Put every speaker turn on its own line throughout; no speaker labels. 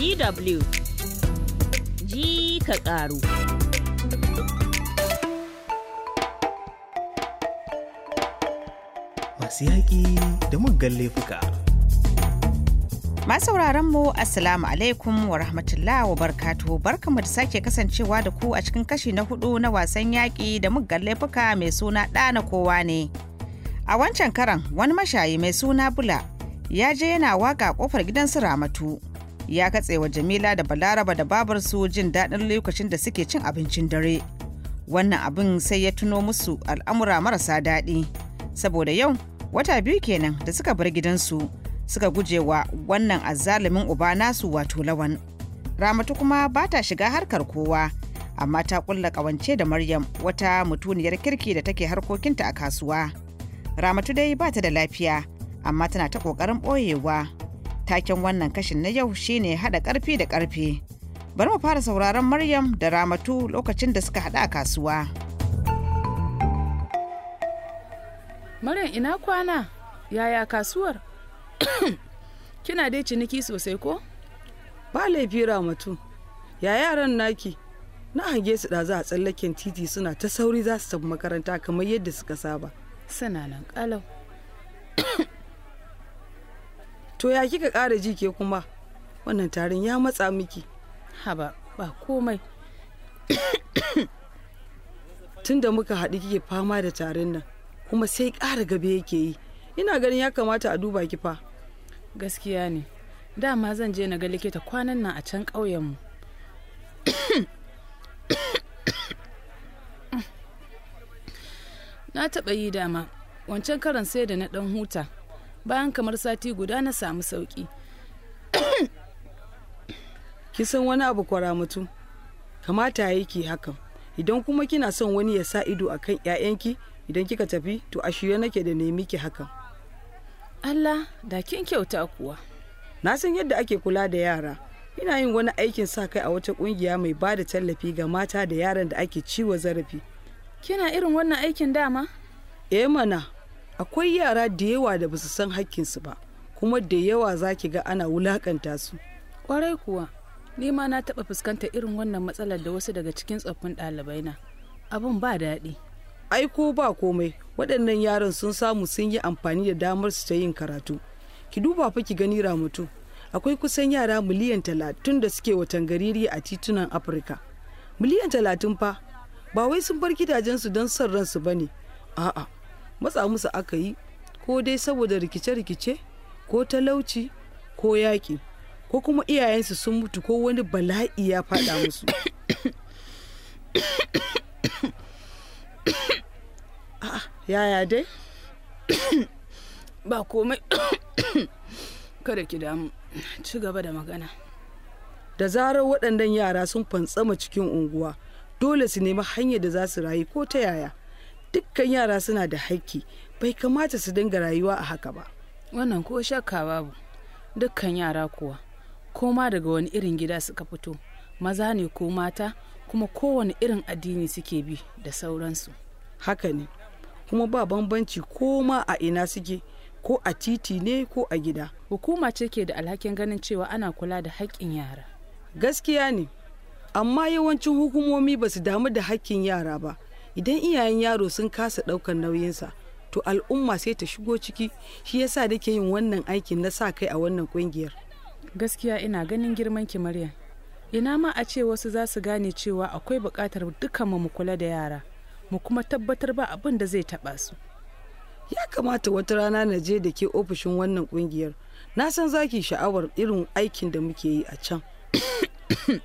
DW ji ka ƙaru.
Masu yaƙi da muggan laifuka.
Masu mu Assalamu alaikum wa rahmatullahi wa barkatu barkanmu da sake kasancewa da ku a cikin kashi na hudu na wasan yaƙi da muggan laifuka mai suna ɗana kowa ne. A wancan karan wani mashayi mai suna Bula ya je yana waka ƙofar gidan su Ramatu. ya katse wa jamila da balaraba da babarsu jin daɗin lokacin da suke cin abincin dare wannan abin sai ya tuno musu al'amura marasa daɗi saboda yau wata biyu kenan da suka bar gidansu suka guje wa wannan Azalimin uba nasu wato lawan ramatu kuma ba ta shiga harkar kowa amma ta kulla kawance da maryam wata mutuniyar kirki da take harkokinta a kasuwa ramatu dai ba ta da lafiya amma tana ta ƙoƙarin ɓoyewa Taken wannan kashin na yau shine hada karfi da karfe Bari mu fara sauraron Maryam da Ramatu lokacin da suka hada a kasuwa.
Maryam ina kwana, yaya kasuwar? Kina dai
ciniki sosai ko? Ba laifi Ramatu, ya yaran naki? na hange su ɗazu a tsallaken titi suna ta sauri za su tafi makaranta kamar yadda suka saba suna nan kalau to ya kika ƙara ji ke kuma wannan tarin ya matsa miki haba ba komai tun da muka haɗu kike fama da tarin nan kuma sai ƙara gabe yake yi ina ganin ya kamata a duba ki fa gaskiya ne dama zan je
na ga likita kwanan nan a can ƙauyenmu na taɓa yi dama wancan karan sai da na ɗan huta bayan kamar sati guda na samu sauki
kisan wani abu kwara mutum, kamata ya yi hakan idan kuma kina son wani ya sa ido kan 'ya'yanki idan kika tafi to a shirye nake da nemi ki hakan allah da kin kyauta kuwa na san yadda ake kula da yara ina yin wani aikin sa kai a wata ƙungiya mai ba da tallafi ga mata da yaran da ake ciwo zarafi kina irin wannan aikin dama eh mana akwai yara da yawa da basu san hakkin su ba kuma da yawa zaki ga ana wulakanta su kwarai kuwa ni ma na taɓa fuskanta irin wannan matsalar da wasu daga cikin tsoffin ɗalibai na abin ba daɗi ai ko ba komai waɗannan yaran sun samu sun yi amfani da damar su ta yin karatu ki duba fa ki gani mutum akwai kusan yara miliyan talatin da suke watan gariri a titunan afirka miliyan talatin fa ba wai sun bar gidajensu don son ransu ba ne a'a matsa musu aka yi ko dai saboda rikice-rikice ko talauci ko yaƙi ko kuma iyayensu sun mutu ko wani bala'i ya faɗa musu yaya dai
ba komai kada ki damu ci gaba da magana
da zarar waɗannan yara sun fantsama cikin unguwa dole su nemi hanyar da za su rayu ko ta yaya dukkan yara suna da haƙƙi bai kamata su dinga rayuwa a haka ba wannan ko shakka babu dukkan
yara kuwa koma daga wani irin gida suka fito maza ne ko mata kuma
kowane irin addini suke bi da sauransu haka ne kuma ba bambanci koma a ina suke ko a titi ne ko a gida hukuma ce ke da alhakin ganin cewa ana kula da haƙƙin yara gaskiya ne amma yawancin hukumomi ba su damu da haƙƙin yara ba idan iyayen yaro sun kasa ɗaukar nauyinsa to al'umma sai ta shigo ciki shi yasa nake yin wannan aikin na sa kai a wannan kungiyar gaskiya ina ganin girman ki maryam ina ma a ce wasu za su gane cewa akwai
bukatar dukkan mu kula da yara mu kuma tabbatar ba abin da zai taɓa su
ya kamata wata rana na je da ke ofishin wannan kungiyar na san zaki sha'awar irin aikin da muke yi a can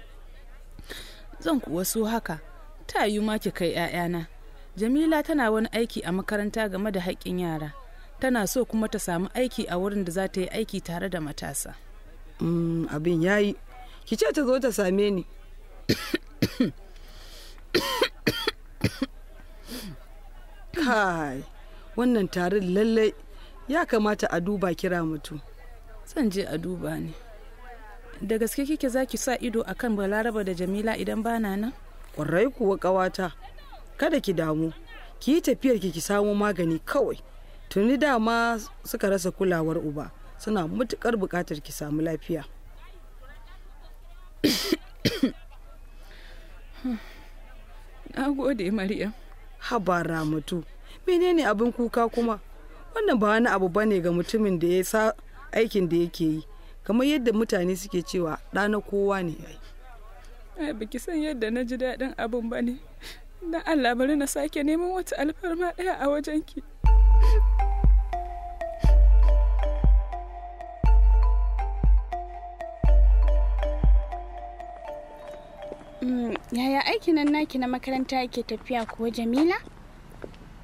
zan kuwa so
haka ta yi ma ki kai 'ya'yana jamila tana wani aiki a makaranta game da haƙƙin yara tana so kuma ta samu aiki a wurin da za ta yi aiki tare da matasa
mm, abin ya yi ki ce ta zo ta same ni kai wannan tarin lallai ya kamata a duba kira mutum zan je a duba
ne da gaske kike za ki sa ido akan balaraba da jamila idan bana nan
kwarai kuwa ƙawata kada ki damu ki yi tafiyar ki samu magani kawai tuni dama suka rasa kulawar uba suna matuƙar bukatar ki samu lafiya na gode maryam habara mutu menene abin kuka kuma wannan ba wani abu bane ga mutumin da ya sa aikin da yake yi kamar yadda mutane suke cewa ɗana kowa ne yi.
ai eh, baki san yadda na ji daɗin abun ba ne na allah bari na sake neman wata alfarma ɗaya a wajenki
mm, yaya aiki nan naki na makaranta yake tafiya kuwa jamila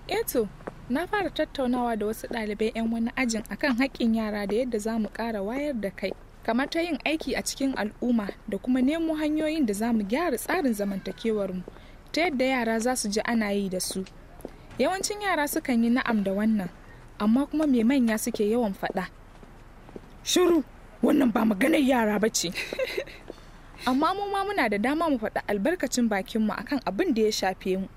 eto eh na fara
tattaunawa da wasu ɗalibai 'yan wani ajin akan haƙƙin yara da yadda za mu ƙara wayar da kai kamar ta yin aiki a cikin al'umma da kuma nemo hanyoyin da za mu gyara tsarin zamantakewarmu ta yadda yara za su ji ana yi da su yawancin yara sukan yi na'am da wannan amma kuma mai manya suke yawan faɗa shiru wannan ba maganar yara ba ce amma mu ma muna da dama mu faɗa albarkacin bakinmu akan abin da ya shafe mu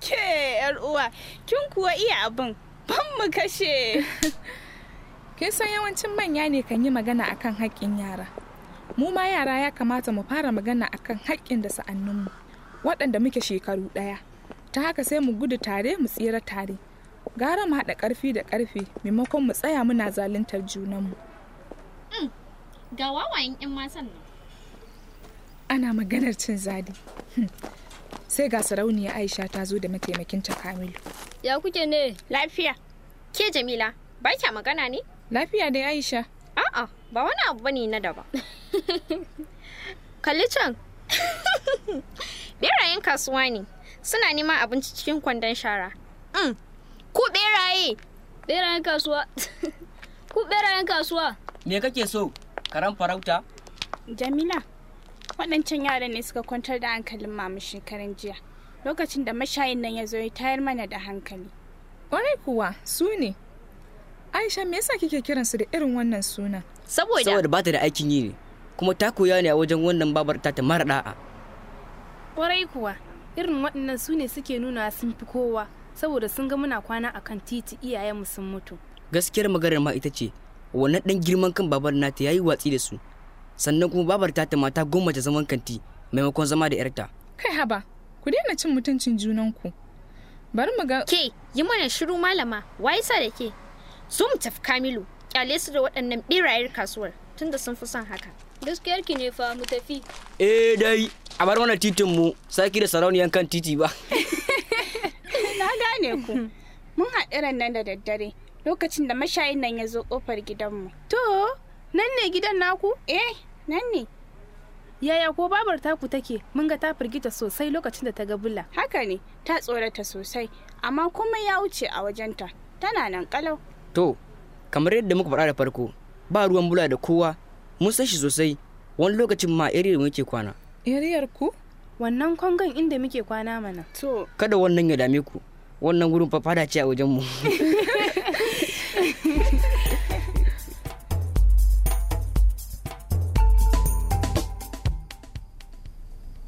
ke yar uwa kin kuwa iya abin ban mu kashe kin san yawancin manya ne kan yi magana akan haƙƙin yara mu ma yara ya kamata mu fara magana akan haƙƙin da sa'anninmu waɗanda muke shekaru ɗaya ta haka sai mu gudu tare mu tsira tare gara mu haɗa ƙarfi da ƙarfi maimakon mu tsaya muna zaluntar junanmu
mm, ga wawayen 'yan masan nan
ana maganar cin zadi. Hmm. sai ga sarauniya aisha ta zo da mataimakinta kamilu ya kuke ne lafiya ke jamila ba kya magana ne Lafiya dai Aisha. A'a, ba wani abu bane na daba. Kalli can. Berayen kasuwa ne. Suna neman abinci cikin kwandon shara. Mm. Ku beraye.
Berayen kasuwa. Ku berayen kasuwa.
Me kake so? Karan farauta?
Jamila, waɗancan yaran ne suka kwantar da hankalin mamu shekaran jiya. Lokacin da mashayin nan ya zo ya tayar mana da hankali. Ƙwarai kuwa, su ne. Aisha me yasa kike kiran su da irin wannan suna? Saboda
Saboda
ba ta da aikin yi ne. Kuma ta koya ne a wajen wannan babar ta ta mara da'a.
Kwarai kuwa, irin waɗannan su ne suke nuna sun fi kowa saboda sun ga muna kwana a kan titi mu sun mutu.
Gaskiyar maganar ma ita ce, wannan ɗan girman kan babar nata yayi watsi da su. Sannan kuma babar ta ta mata goma ta zaman kanti maimakon zama da 'yarta.
Kai haba,
ku daina cin mutuncin junanku. Bari mu ga Ke, yi mana shiru malama, wa yasa da ke? su tafi kamilu kyale su da waɗannan ɓirayen kasuwar tunda sun fi
son haka gaskiyar ki ne fa mu tafi
eh dai a bar mana titin mu saki da sarauniyan kan titi ba
na gane ku mun haɗiran nan da daddare lokacin da mashayin nan ya zo ƙofar gidanmu to nan ne gidan naku eh nan ne yaya ko babar taku take mun ga ta firgita sosai lokacin da ta ga bula haka ne ta tsorata sosai amma komai ya wuce a wajenta tana nan kalau
to kamar yadda muka faɗa da farko ba ruwan bula da kowa mun san shi sosai wani lokacin ma iriyar mu yake kwana
iriyar ku wannan kwangon inda muke kwana mana to
kada wannan ya dame ku wannan gurin fafada ce a wajen mu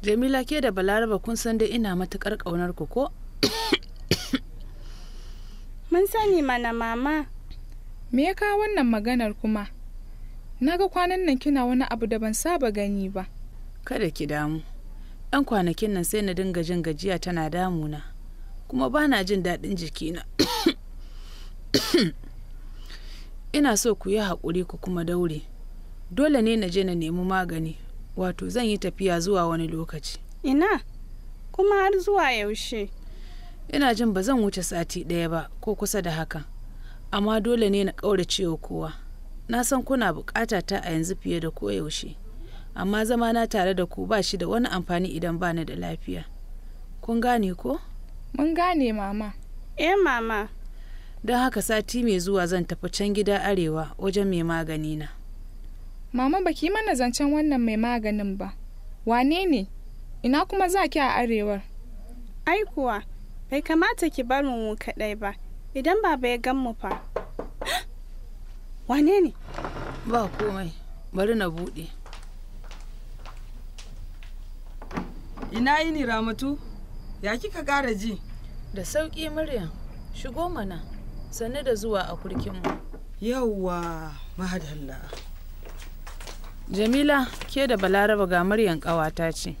jamila ke da balaraba kun san dai ina matuƙar ƙaunar ku ko mun sani mana mama me ya kawo wannan maganar kuma na ga kwanan nan
kina wani abu da ban saba gani ba
kada ki damu ɗan kwanakin nan sai na dinga jin gajiya tana damu na kuma ba na jin daɗin jikina ina so ku yi haƙuri ku kuma daure dole ne na je na nemi magani wato zan yi tafiya zuwa wani lokaci ina kuma har zuwa yaushe ina jin ba zan wuce sati ɗaya ba ko kusa da hakan amma dole ne na ƙaurace wa kowa na san kuna buƙata ta a yanzu fiye da koyaushe amma zama na tare da ku ba shi da wani amfani idan bani da lafiya kun gane ko
mun gane mama
eh mama don haka sati mai zuwa zan tafi can gida arewa wajen mai magani na
mama baki mana zancen wannan mai maganin ba wane ne ina kuma za ki a arewar
ai kuwa bai kamata ki bar mu kaɗai ba Idan baba ya gan mu fa.
Wane ne? Ba komai, bari na bude. Ina yini Ramatu? Ya kika kara ji? Da sauki muryan shigo mana, sannu da zuwa a kurkinmu. Yawwa, madalla. Jamila, ke da Balaraba ga muryan kawata ce.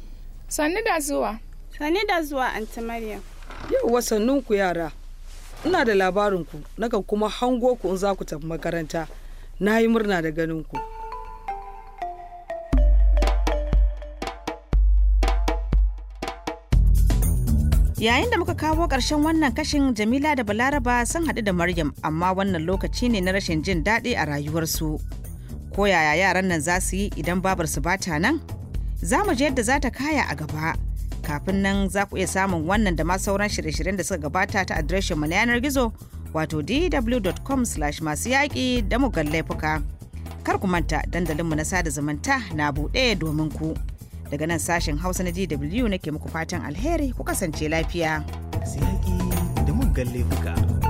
Sannu da zuwa. Sannu da zuwa, Anti muryan
Yawwa sannunku yara. ina da labarin ku nakan kuma hango ku in za ku tafi makaranta na yi murna da ganin ku
yayin da muka kawo ƙarshen wannan kashin jamila da balaraba sun haɗu da maryam amma wannan lokaci ne na rashin jin daɗi a rayuwarsu ko yaya yaran nan za su yi idan babarsu ba ta nan za mu je yadda za ta kaya a gaba kafin nan za ku iya samun wannan da ma sauran shirye-shiryen da suka gabata ta adireshin mu na yanar gizo wato dw.com slash masu yaƙi da laifuka kar ku manta dandalinmu na sada zumunta na buɗe domin ku daga nan sashen hausa na dw nake muku fatan alheri ku kasance lafiya.
Masu yaƙi da laifuka.